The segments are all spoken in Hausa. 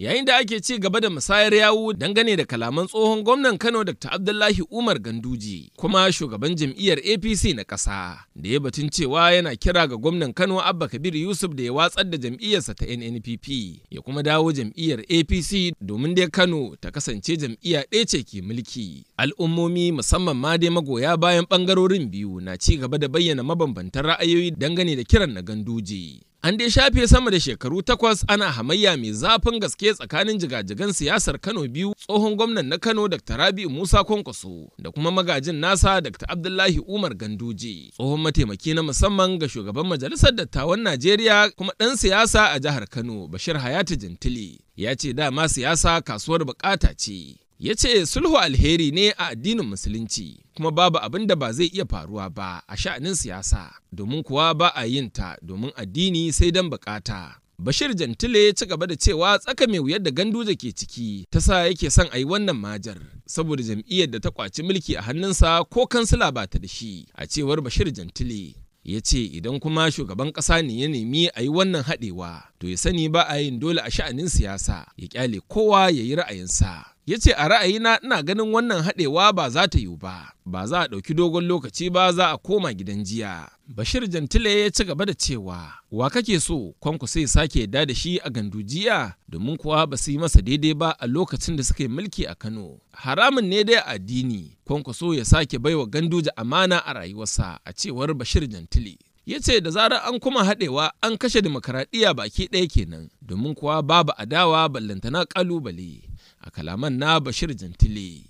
yayin da ake ci gaba da musayar yawu dangane da kalaman tsohon gwamnan kano dr abdullahi umar ganduji kuma shugaban jam'iyyar apc na ƙasa da ya batun cewa yana kira ga gwamnan kano abba kabir yusuf da ya watsar da jam'iyyarsa ta nnpp ya kuma dawo jam'iyyar apc domin dai kano ta kasance jam'iyya ɗaya ce ke mulki al'ummomi musamman ma dai magoya bayan ɓangarorin biyu na ci gaba da bayyana mabambantan ra'ayoyi dangane da kiran na Ganduji. An dai shafe sama da shekaru takwas ana hamayya mai zafin gaske tsakanin jigajigan siyasar Kano biyu tsohon gwamnan na Kano Dr. Rabi Musa Kwankwaso da kuma magajin nasa Dr. Abdullahi Umar Ganduje tsohon mataimaki na musamman ga shugaban majalisar dattawan Najeriya kuma ɗan siyasa a jihar Kano Bashir Hayatu Jintili ya ce dama siyasa kasuwar bukata ce ya ce sulhu alheri ne a addinin musulunci kuma babu abin da ba zai iya faruwa ba a sha'anin siyasa domin kuwa ba a yin ta domin addini sai don bukata bashir jantile ya ci gaba da cewa tsaka mai wuyar da ganduje ke ciki ta sa yake son a yi wannan majar saboda jam'iyyar da ta kwaci mulki a hannunsa ko kansila ba ta da shi a cewar bashir jantile ya ce idan kuma shugaban ƙasa ne ya nemi a yi wannan haɗewa to ya sani ba a yin dole a sha'anin siyasa ya kyale kowa ya yi ra'ayinsa ya ce a ra'ayina ina ganin wannan haɗewa ba za ta yiwu ba ba za a ɗauki dogon lokaci ba za a koma gidan jiya bashir jantile ya ci gaba da cewa wa kake so kwanku sai sake yadda da shi a gandu jiya? domin kuwa ba su yi masa daidai ba a lokacin da suka yi mulki a kano haramun ne dai a addini so ya sake baiwa gandu da amana a rayuwarsa a cewar bashir jantile ya ce da zarar an kuma haɗewa an kashe dimokuraɗiyya baki ɗaya kenan domin kuwa babu adawa ballantana ƙalubale a kalaman na Bashir Jantile.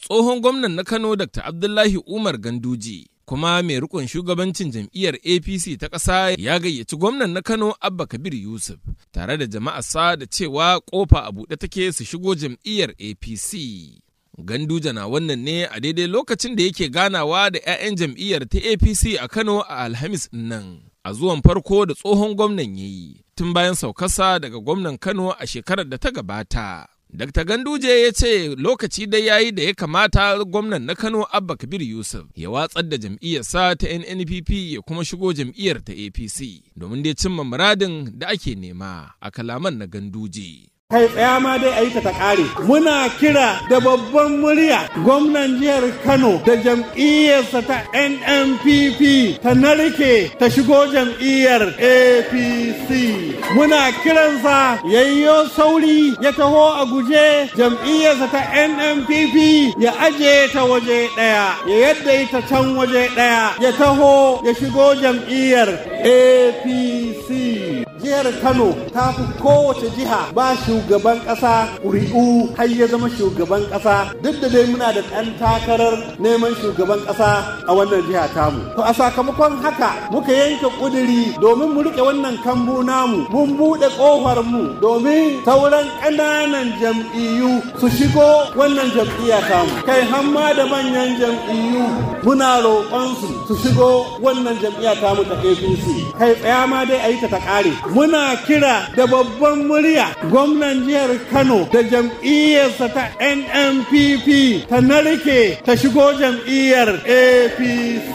Tsohon gwamnan na Kano Dr. Abdullahi Umar Ganduji kuma mai rikon shugabancin jam'iyyar APC ta ƙasa ya gayyaci gwamnan na Kano Abba Kabir Yusuf tare da jama'arsa da cewa ƙofa a buɗe take su shigo jam'iyyar APC. Ganduja na wannan ne a daidai lokacin da yake ganawa da 'ya'yan jam'iyyar ta APC a Kano a Alhamis nan. a zuwan farko da tsohon gwamnan ya yi tun bayan saukarsa daga gwamnan Kano a shekarar da ta gabata. Dr. Ganduje ya ce lokaci dai ya yi da ya kamata gwamnan na Kano Abba Kabir Yusuf ya watsar da jam'iyyarsa ta NNPP ya kuma shigo jam'iyyar ta APC domin dai cimma muradin da ake nema a kalaman na Ganduje. kai tsaya ma dai a yi ta kare muna kira da babban murya gwamnan jihar kano da jam'iyyarsa ta nnpp ta narke ta shigo jam'iyyar apc muna kiransa yayyo sauri ya taho a guje jam'iyyarsa ta nnpp ya aje ta waje ɗaya ya yadda ta can waje ɗaya ya taho ya shigo jam'iyyar apc jihar kano ta fi kowace jiha ba shugaban ƙasa ƙuri'u har ya zama shugaban ƙasa duk da dai muna da ɗan takarar neman shugaban ƙasa a wannan jiha tamu to a sakamakon haka muka yanke ƙuduri domin mu riƙe wannan kambu namu mun buɗe ƙofar mu domin sauran ƙananan jam'iyyu su shigo wannan jam'iyya tamu kai hamma da manyan jam'iyyu muna roƙon su su shigo wannan jam'iyya tamu ta APC kai tsaya ma dai a yi ta ta ƙare muna kira da babban murya gwamnan jihar Kano da jam'iyyarsa ta NNPP ta narke ta shigo jam'iyyar APC.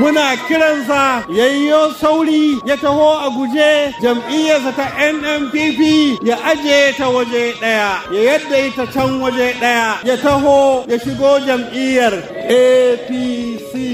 Muna kiransa yayyo sauri ya taho a guje jam'iyyarsa ta NNPP ya aje ta waje ɗaya, ya yadda ta can waje ɗaya, ya taho ya shigo jam'iyyar APC.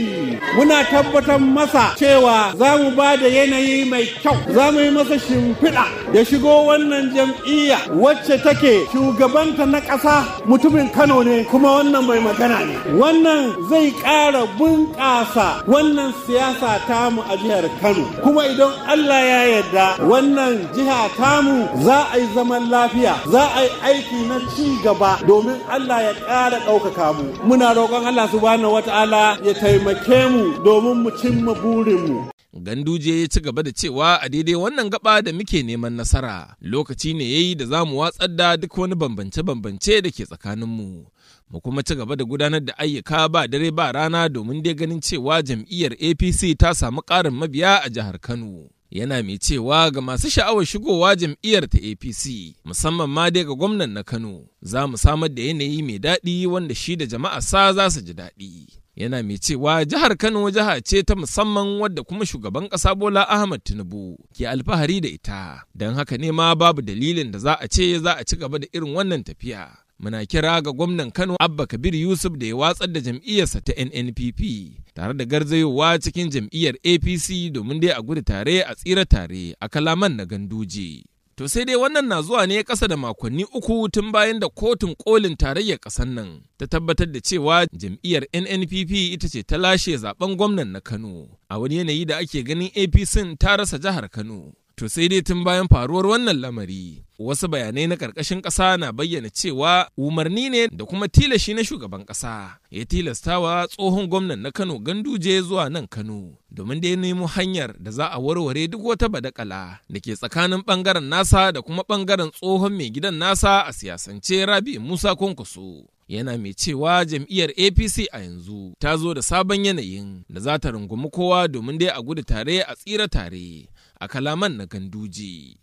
muna tabbatar masa cewa za mu ba da yanayi mai kyau za mu yi masa shimfiɗa ya shigo wannan jam'iyya wacce take shugabanta na ƙasa mutumin kano ne kuma wannan mai magana ne wannan zai ƙara bunƙasa wannan siyasa tamu a jihar kano kuma idan allah ya yarda wannan jiha tamu za a yi zaman lafiya za a yi aiki na ci gaba domin allah ya ƙara ɗaukaka mu muna roƙon allah subhanahu wataala ya taimake mu domin mu cimma burinmu. Ganduje ya ci gaba da cewa a daidai wannan gaba da muke neman nasara lokaci ne ya yi da za mu watsar da duk wani bambance-bambance da ke tsakaninmu. Mu kuma ci gaba da gudanar da ayyuka ba dare ba rana domin dai ganin cewa jam'iyyar APC ta samu ƙarin mabiya a jihar Kano. Yana mai cewa ga masu sha'awar shigowa jam'iyyar ta APC musamman ma dai ga gwamnan na Kano za mu samar da yanayi mai daɗi wanda shi da jama'a sa za su ji daɗi. yana mai cewa jihar Kano jiha ce ta musamman wadda kuma shugaban ƙasa Bola Ahmad Tinubu ke alfahari da ita, don haka ne ma babu dalilin da za a ce za a ci gaba da irin wannan tafiya. Muna kira ga gwamnan Kano Abba Kabir Yusuf da ya watsar da jam'iyyarsa ta NNPP tare da garzayowa cikin jam'iyyar APC domin dai a gudu tare a tsira tare a kalaman na ganduje. To sai dai wannan na zuwa ne ƙasa da makonni uku tun bayan da kotun kolin tarayyar ƙasar nan ta tabbatar da cewa jam'iyyar NNPP ita ce ta lashe zaben gwamnan na Kano a wani yanayi da ake ganin APC ta rasa jihar Kano. To sai dai tun bayan faruwar wannan lamari wasu bayanai na ƙarƙashin ƙasa na bayyana cewa umarni ne da kuma tilashi na shugaban ƙasa ya tilastawa tsohon gwamnan na kano ganduje zuwa nan kano domin da ya nemo hanyar da za a warware duk wata badakala da ke tsakanin ɓangaren nasa da kuma ɓangaren tsohon mai gidan nasa a siyasance rabi musa kwankwaso yana mai cewa jam'iyyar apc a yanzu ta zo da sabon yanayin da za ta rungumi kowa domin dai a gudu tare a tsira tare a kalaman na ganduje